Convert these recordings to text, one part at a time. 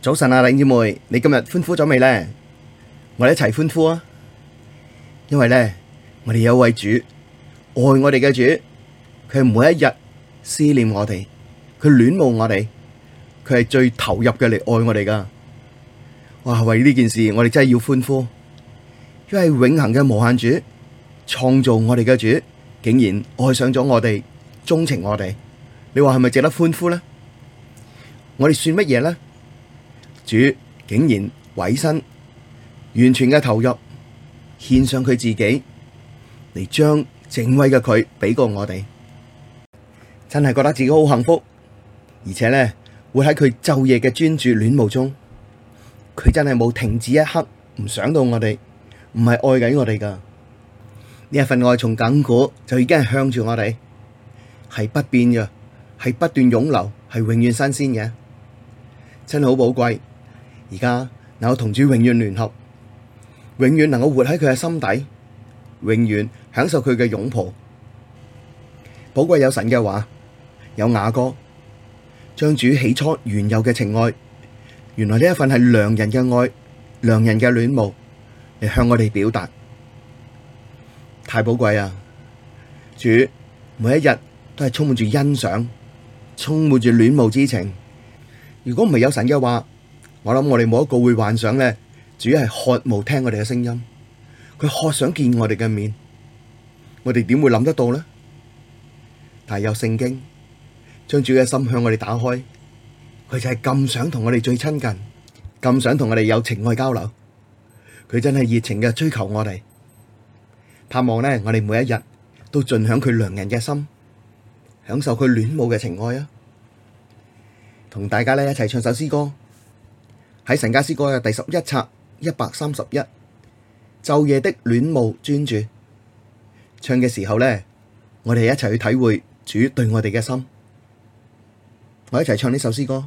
早晨啊，弟兄姐妹，你今日歡呼咗未呢？我哋一齊歡呼啊！因為呢，我哋有位主愛我哋嘅主，佢係每一日思念我哋，佢戀慕我哋，佢係最投入嘅嚟愛我哋㗎。哇！為呢件事，我哋真係要歡呼，因為永恆嘅無限主創造我哋嘅主，竟然愛上咗我哋，鍾情我哋，你話係咪值得歡呼呢？我哋算乜嘢呢？主竟然委身完全嘅投入，獻上佢自己嚟將整位嘅佢俾過我哋，真係覺得自己好幸福，而且呢會喺佢晝夜嘅專注戀慕中，佢真係冇停止一刻，唔想到我哋，唔係愛緊我哋噶。呢一份愛從亙古就已經係向住我哋，係不變嘅，係不斷湧流，係永遠新鮮嘅，真係好寶貴。而家，能夠同主永遠聯合，永遠能夠活喺佢嘅心底，永遠享受佢嘅擁抱。寶貴，有神嘅話，有雅歌，將主起初原有嘅情愛，原來呢一份係良人嘅愛，良人嘅戀慕嚟向我哋表達，太寶貴啊！主每一日都係充滿住欣賞，充滿住戀慕之情。如果唔係有神嘅話，我諗我哋冇一個會幻想咧，主要係渴慕聽我哋嘅聲音。佢渴想見我哋嘅面，我哋點會諗得到咧？但係有聖經將主嘅心向我哋打開，佢就係咁想同我哋最親近，咁想同我哋有情愛交流，佢真係熱情嘅追求我哋，盼望咧我哋每一日都盡享佢良人嘅心，享受佢戀慕嘅情愛啊！同大家咧一齊唱首詩歌。喺神家詩歌嘅第十一冊一百三十一，晝夜的戀慕專注唱嘅時候咧，我哋一齊去體會主對我哋嘅心，我一齊唱呢首詩歌。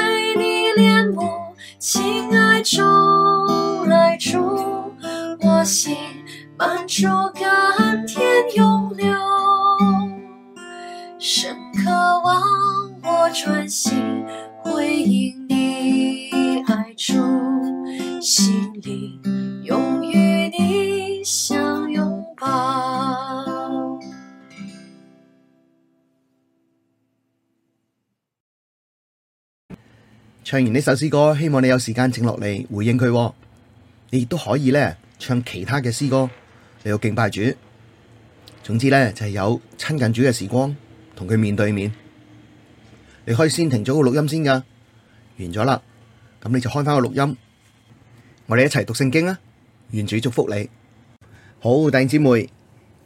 唱完呢首詩歌，希望你有時間靜落嚟回應佢。你亦都可以咧唱其他嘅詩歌嚟到敬拜主。總之咧就係、是、有親近主嘅時光，同佢面對面。你可以先停咗個錄音先噶，完咗啦，咁你就開翻個錄音。我哋一齊讀聖經啊！願主祝福你。好弟兄姊妹，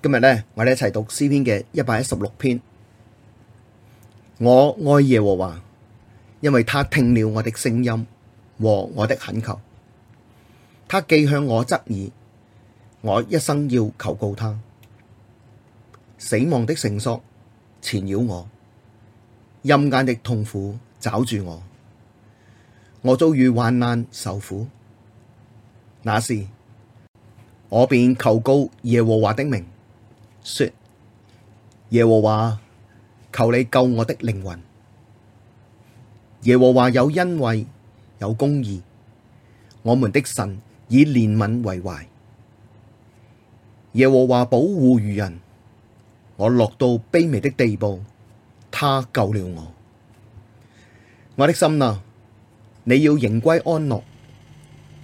今日咧我哋一齊讀詩篇嘅一百一十六篇。我愛耶和華。因為他聽了我的聲音和我的懇求，他既向我側耳，我一生要求告他。死亡的繩索纏繞我，陰間的痛苦抓住我，我遭遇患難受苦，那時我便求告耶和華的名，說：耶和華，求你救我的靈魂。耶和華有恩惠，有公義。我們的神以憐憫為懷。耶和華保護愚人，我落到卑微的地步，他救了我。我的心啊，你要仍歸安樂，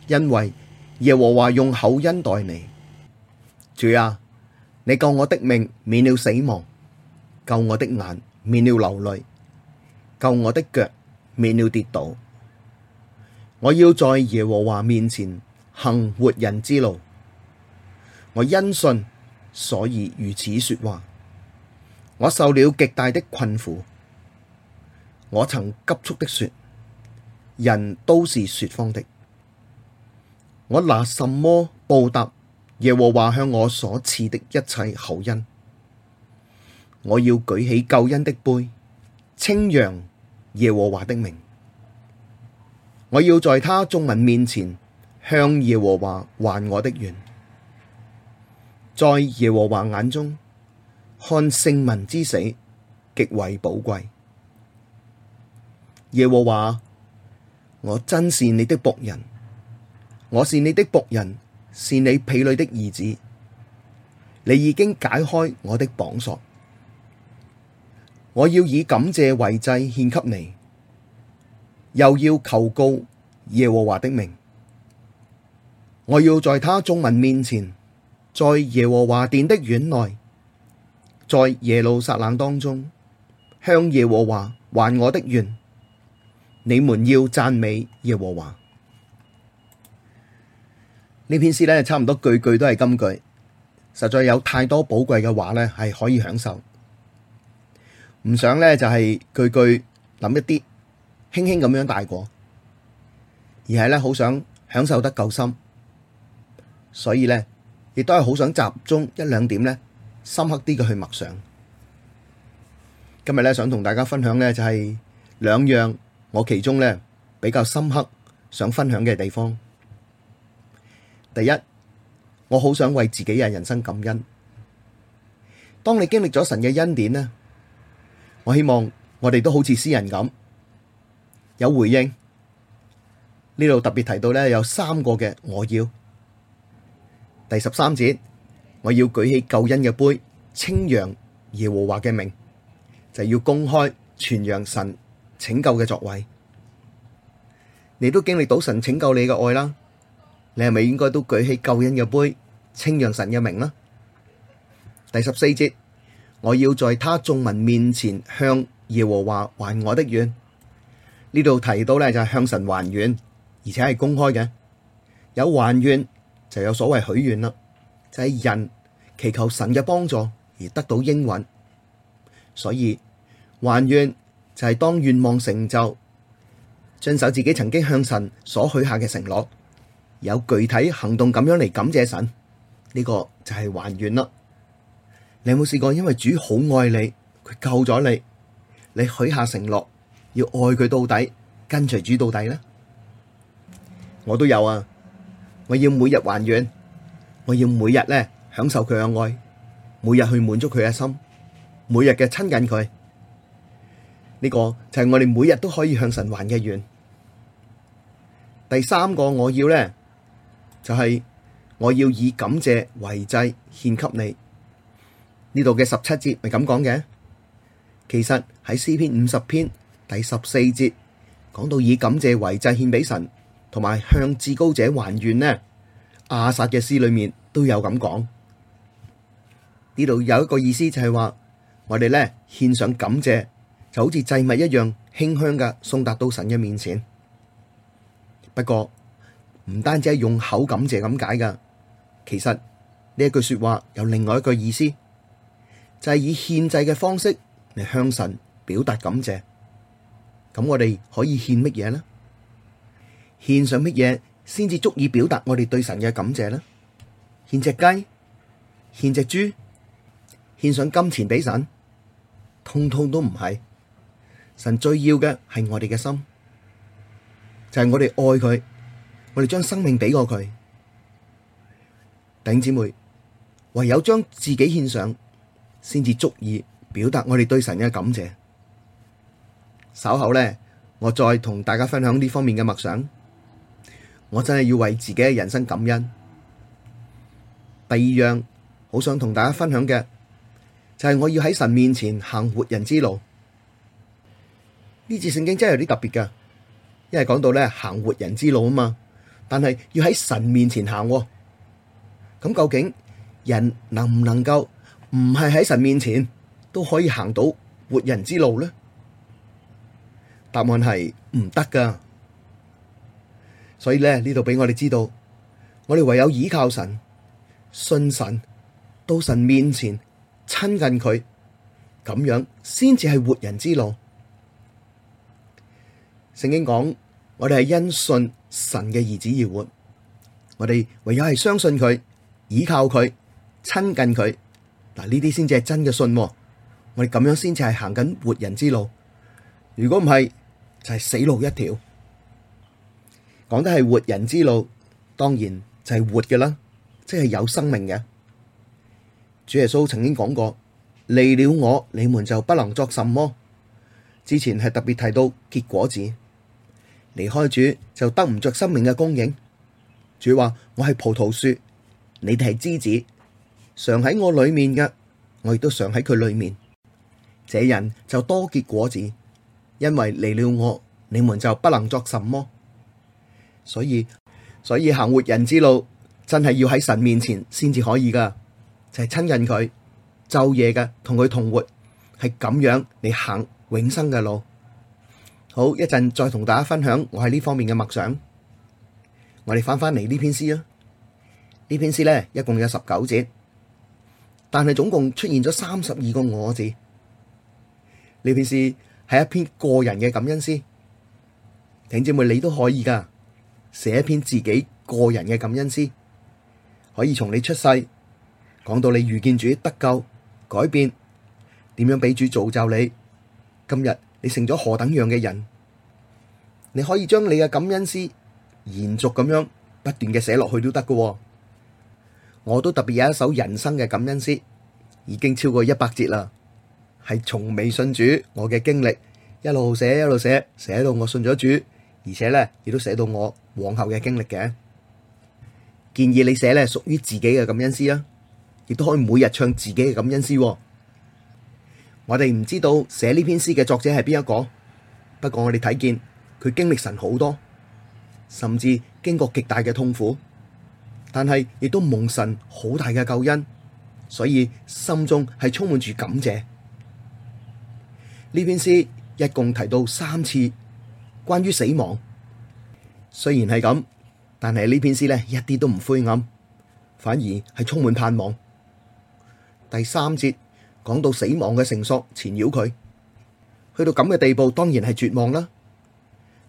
因為耶和華用厚恩待你。主啊，你救我的命免了死亡，救我的眼免了流淚，救我的腳。免了跌倒，我要在耶和華面前行活人之路。我因信，所以如此說話。我受了極大的困苦，我曾急促的說，人都是說謊的。我拿什麼報答耶和華向我所賜的一切厚恩？我要舉起救恩的杯，稱揚。耶和華的名，我要在他眾民面前向耶和華還我的願。在耶和華眼中，看聖民之死極為寶貴。耶和華，我真是你的僕人，我是你的僕人，是你婢女的兒子。你已經解開我的綁索。我要以感謝為祭獻給你，又要求告耶和華的名。我要在他眾民面前，在耶和華殿的院內，在耶路撒冷當中，向耶和華還我的願。你們要讚美耶和華。呢篇詩呢，差唔多句句都係金句，實在有太多寶貴嘅話呢，係可以享受。唔想咧，就係句句諗一啲輕輕咁樣大過，而係咧好想享受得夠深，所以咧亦都係好想集中一兩點咧深刻啲嘅去默想。今日咧想同大家分享咧就係兩樣，我其中咧比較深刻想分享嘅地方。第一，我好想為自己嘅人生感恩。當你經歷咗神嘅恩典咧。我希望我哋都好似詩人咁有回應。呢度特別提到呢，有三個嘅我要。第十三節，我要舉起救恩嘅杯，稱揚耶和華嘅名，就是要公開傳揚神拯救嘅作為。你都經歷到神拯救你嘅愛啦，你係咪應該都舉起救恩嘅杯，稱揚神嘅名啦？第十四節。我要在他眾民面前向耶和華還我的願。呢度提到咧，就係向神還願，而且係公開嘅。有還願就有所謂許願啦，就係人祈求神嘅幫助而得到應允。所以還願就係當願望成就，遵守自己曾經向神所許下嘅承諾，有具體行動咁樣嚟感謝神。呢個就係還願啦。你有冇試過？因為主好愛你，佢救咗你，你許下承諾要愛佢到底，跟隨主到底呢？我都有啊！我要每日還願，我要每日咧享受佢嘅愛，每日去滿足佢嘅心，每日嘅親近佢。呢、這個就係我哋每日都可以向神還嘅願。第三個我要咧，就係、是、我要以感謝為祭獻給你。呢度嘅十七節咪咁講嘅，其實喺詩篇五十篇第十四節講到以感謝為祭獻俾神，同埋向至高者還願呢，阿薩嘅詩裏面都有咁講。呢度有一個意思就係話，我哋咧獻上感謝就好似祭物一樣，馨香嘅送達到神嘅面前。不過唔單止係用口感謝咁解噶，其實呢一句說話有另外一個意思。就係以獻祭嘅方式嚟，向神表達感謝。咁我哋可以獻乜嘢呢？獻上乜嘢先至足以表達我哋對神嘅感謝呢？獻隻雞，獻隻豬，獻上金錢俾神，通通都唔係，神最要嘅係我哋嘅心，就係我哋愛佢，我哋將生命俾過佢。弟兄姊妹，唯有將自己獻上，先至足以表達我哋對神嘅感謝。稍後咧，我再同大家分享呢方面嘅默想。我真係要為自己嘅人生感恩。第二樣好想同大家分享嘅，就係、是、我要喺神面前行活人之路。呢節聖經真係有啲特別㗎，因為講到咧行活人之路啊嘛，但係要喺神面前行、啊。咁究竟人能唔能夠？唔係喺神面前都可以行到活人之路呢？答案係唔得噶所以咧，呢度俾我哋知道，我哋唯有倚靠神、信神，到神面前親近佢，咁樣先至係活人之路。聖經講，我哋係因信神嘅兒子而活，我哋唯有係相信佢、倚靠佢、親近佢。嗱，呢啲先至係真嘅信喎，我哋咁樣先至係行緊活人之路。如果唔係，就係、是、死路一條。講得係活人之路，當然就係活嘅啦，即係有生命嘅。主耶穌曾經講過：離了我，你們就不能作什麼、哦。之前係特別提到結果子，離開主就得唔着生命嘅供應。主話：我係葡萄樹，你哋係枝子。常喺我裏面嘅，我亦都常喺佢裏面。這人就多結果子，因為離了我，你們就不能作什麼。所以，所以行活人之路，真係要喺神面前先至可以噶，就係親近佢，晝夜嘅同佢同活，係咁樣你行永生嘅路。好，一陣再同大家分享我喺呢方面嘅默想。我哋翻翻嚟，呢篇詩啦，呢篇詩咧一共有十九節。但係總共出現咗三十二個我字，呢篇詩係一篇個人嘅感恩詩。請姐妹你都可以噶，寫一篇自己個人嘅感恩詩，可以從你出世講到你遇見主得救改變，點樣俾主造就你，今日你成咗何等樣嘅人，你可以將你嘅感恩詩延續咁樣不斷嘅寫落去都得噶。我都特別有一首人生嘅感恩詩，已經超過一百節啦，係從未信主我嘅經歷，一路寫一路寫，寫到我信咗主，而且呢亦都寫到我往後嘅經歷嘅。建議你寫呢屬於自己嘅感恩詩啊，亦都可以每日唱自己嘅感恩詩。我哋唔知道寫呢篇詩嘅作者係邊一個，不過我哋睇見佢經歷神好多，甚至經過極大嘅痛苦。但係亦都蒙神好大嘅救恩，所以心中係充滿住感謝。呢篇詩一共提到三次關於死亡，雖然係咁，但係呢篇詩呢，一啲都唔灰暗，反而係充滿盼望。第三節講到死亡嘅繩索纏繞佢，去到咁嘅地步，當然係絕望啦。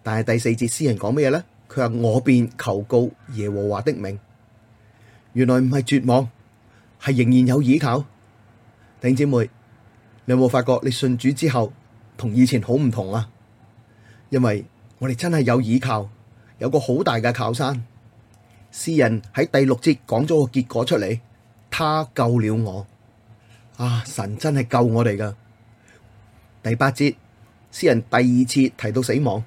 但係第四節詩人講咩嘢呢？「佢話我便求告耶和華的名。」原來唔係絕望，係仍然有依靠。弟兄姊妹，你有冇發覺你信主之後同以前好唔同啊？因為我哋真係有依靠，有個好大嘅靠山。詩人喺第六節講咗個結果出嚟，他救了我。啊，神真係救我哋噶！第八節，詩人第二次提到死亡，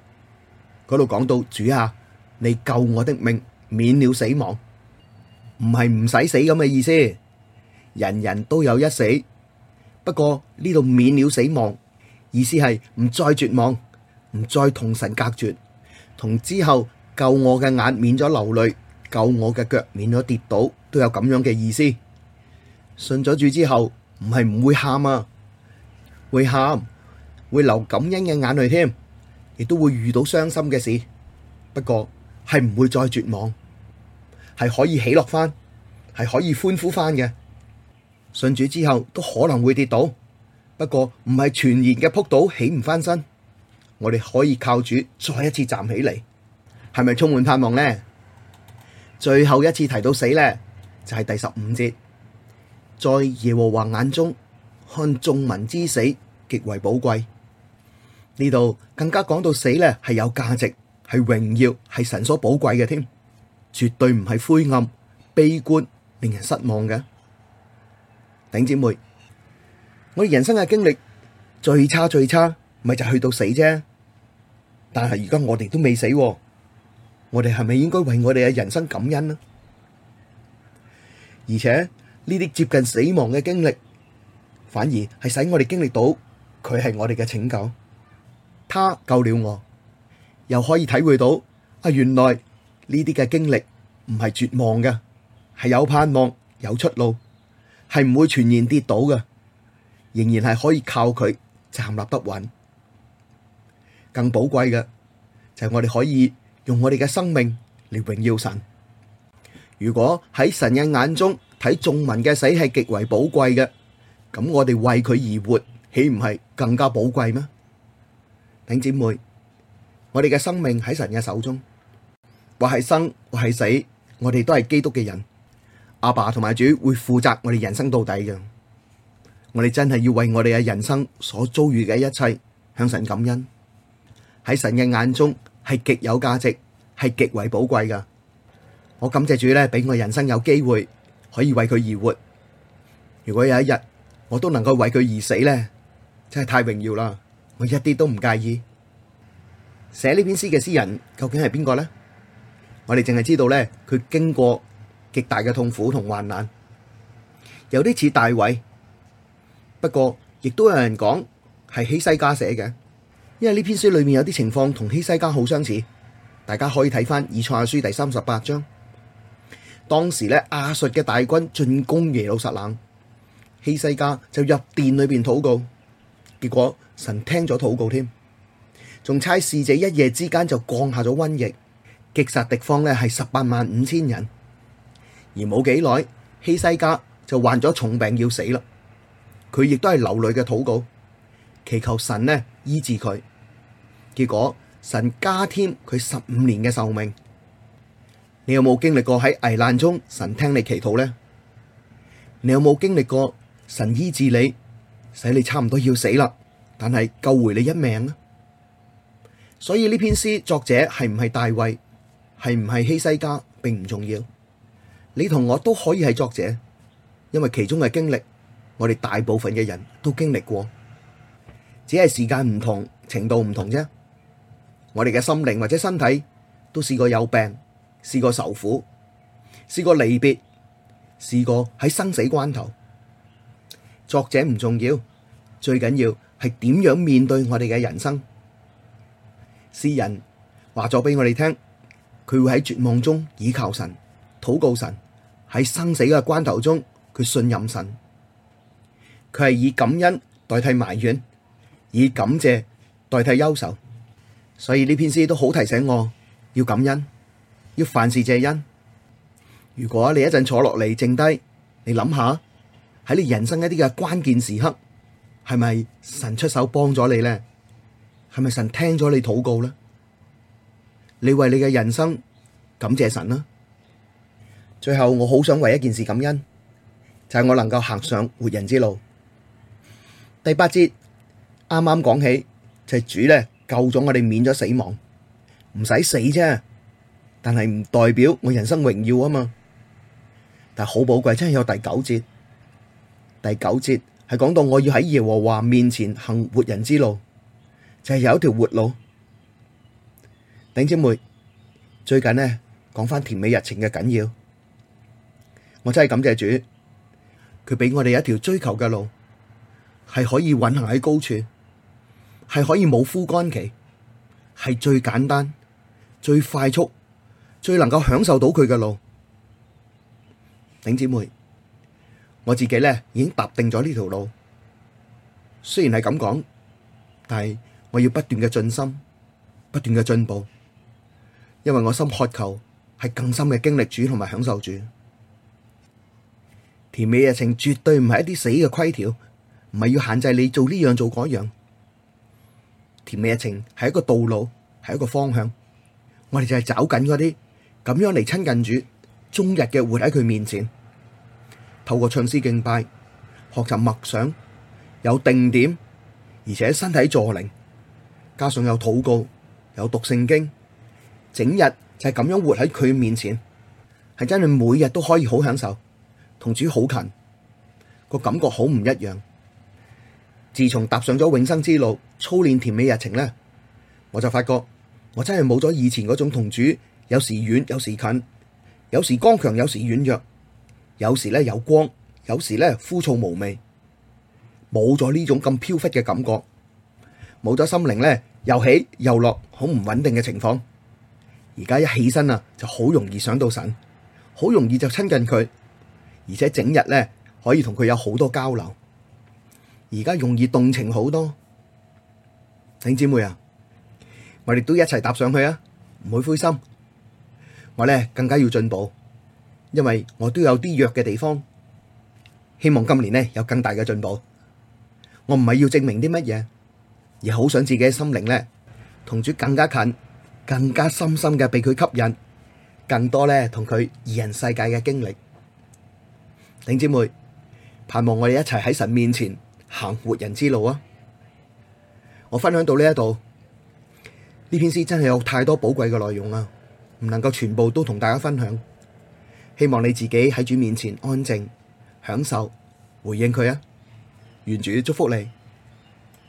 嗰度講到：主啊，你救我的命，免了死亡。唔係唔使死咁嘅意思，人人都有一死，不過呢度免了死亡，意思係唔再絕望，唔再同神隔絕，同之後救我嘅眼免咗流淚，救我嘅腳免咗跌倒，都有咁樣嘅意思。信咗住之後，唔係唔會喊啊，會喊，會流感恩嘅眼淚添，亦都會遇到傷心嘅事，不過係唔會再絕望。係可以喜樂翻，係可以歡呼翻嘅。信主之後都可能會跌倒，不過唔係全然嘅撲倒起唔翻身。我哋可以靠主再一次站起嚟，係咪充滿盼望呢？最後一次提到死咧，就係第十五節，在耶和華眼中看眾民之死極為寶貴。呢度更加講到死咧係有價值，係榮耀，係神所寶貴嘅添。絕對唔係灰暗、悲觀、令人失望嘅。頂姐妹，我哋人生嘅經歷最差最差，咪就去到死啫。但係而家我哋都未死，我哋係咪應該為我哋嘅人生感恩呢？而且呢啲接近死亡嘅經歷，反而係使我哋經歷到佢係我哋嘅拯救，他救了我，又可以體會到啊，原來。呢啲嘅經歷唔係絕望嘅，係有盼望、有出路，係唔會全然跌倒嘅，仍然係可以靠佢站立得穩。更寶貴嘅就係、是、我哋可以用我哋嘅生命嚟榮耀神。如果喺神嘅眼中睇眾民嘅死係極為寶貴嘅，咁我哋為佢而活，豈唔係更加寶貴咩？弟兄姊妹，我哋嘅生命喺神嘅手中。或係生或係死，我哋都係基督嘅人。阿爸同埋主會負責我哋人生到底嘅。我哋真係要為我哋嘅人生所遭遇嘅一切向神感恩。喺神嘅眼中係極有價值，係極為寶貴㗎。我感謝主咧，俾我人生有機會可以為佢而活。如果有一日我都能夠為佢而死咧，真係太榮耀啦！我一啲都唔介意。寫呢篇詩嘅詩人究竟係邊個咧？我哋淨係知道咧，佢經過極大嘅痛苦同患難，有啲似大衛。不過，亦都有人講係希西家寫嘅，因為呢篇書裏面有啲情況同希西家好相似。大家可以睇翻《以賽亞書》第三十八章。當時咧，亞述嘅大軍進攻耶路撒冷，希西家就入殿裏邊禱告，結果神聽咗禱告添，仲差使者一夜之間就降下咗瘟疫。擊殺敵方咧係十八萬五千人，而冇幾耐希西家就患咗重病要死啦。佢亦都係流淚嘅禱告，祈求神呢醫治佢。結果神加添佢十五年嘅壽命。你有冇經歷過喺危難中神聽你祈禱呢？你有冇經歷過神醫治你，使你差唔多要死啦，但係救回你一命呢？所以呢篇詩作者係唔係大衛？係唔係希西家並唔重要，你同我都可以係作者，因為其中嘅經歷，我哋大部分嘅人都經歷過，只係時間唔同、程度唔同啫。我哋嘅心靈或者身體都試過有病，試過受苦，試過離別，試過喺生死關頭。作者唔重要，最緊要係點樣面對我哋嘅人生。詩人話咗俾我哋聽。佢會喺絕望中倚靠神，禱告神，喺生死嘅關頭中，佢信任神。佢係以感恩代替埋怨，以感謝代替憂愁。所以呢篇詩都好提醒我，要感恩，要凡事謝恩。如果你一陣坐落嚟靜低，你諗下，喺你人生一啲嘅關鍵時刻，係咪神出手幫咗你咧？係咪神聽咗你禱告咧？你為你嘅人生感謝神啦。最後我好想為一件事感恩，就係我能夠行上活人之路。第八節啱啱講起就係主咧救咗我哋免咗死亡，唔使死啫。但係唔代表我人生榮耀啊嘛。但係好寶貴，真係有第九節。第九節係講到我要喺耶和華面前行活人之路，就係有一條活路。頂姐妹，最近咧講翻甜美日程嘅緊要，我真係感謝主，佢俾我哋一條追求嘅路，係可以運行喺高處，係可以冇枯乾期，係最簡單、最快速、最能夠享受到佢嘅路。頂姐妹，我自己咧已經踏定咗呢條路，雖然係咁講，但係我要不斷嘅進心，不斷嘅進步。因為我心渴求係更深嘅經歷主同埋享受主，甜美日程絕對唔係一啲死嘅規條，唔係要限制你做呢樣做嗰樣。甜美日程係一個道路，係一個方向。我哋就係走緊嗰啲咁樣嚟親近主，終日嘅活喺佢面前，透過唱詩敬拜、學習默想、有定點，而且身體助靈，加上有禱告、有讀聖經。整日就係咁樣活喺佢面前，係真係每日都可以好享受，同主好近個感覺，好唔一樣。自從踏上咗永生之路，操練甜美日程呢，我就發覺我真係冇咗以前嗰種同主有時遠有時近，有時剛強有時軟弱，有時咧有光，有時咧枯燥無味，冇咗呢種咁飄忽嘅感覺，冇咗心靈咧又起又落，好唔穩定嘅情況。而家一起身啊，就好容易上到神，好容易就親近佢，而且整日咧可以同佢有好多交流。而家容易動情好多，弟兄姊妹啊，我哋都一齊搭上去啊，唔會灰心。我咧更加要進步，因為我都有啲弱嘅地方，希望今年呢有更大嘅進步。我唔係要證明啲乜嘢，而好想自己嘅心靈咧同主更加近。更加深深嘅被佢吸引，更多咧同佢二人世界嘅經歷，頂姊妹，盼望我哋一齊喺神面前行活人之路啊！我分享到呢一度，呢篇詩真係有太多寶貴嘅內容啊，唔能夠全部都同大家分享。希望你自己喺主面前安靜享受回應佢啊！願主祝福你。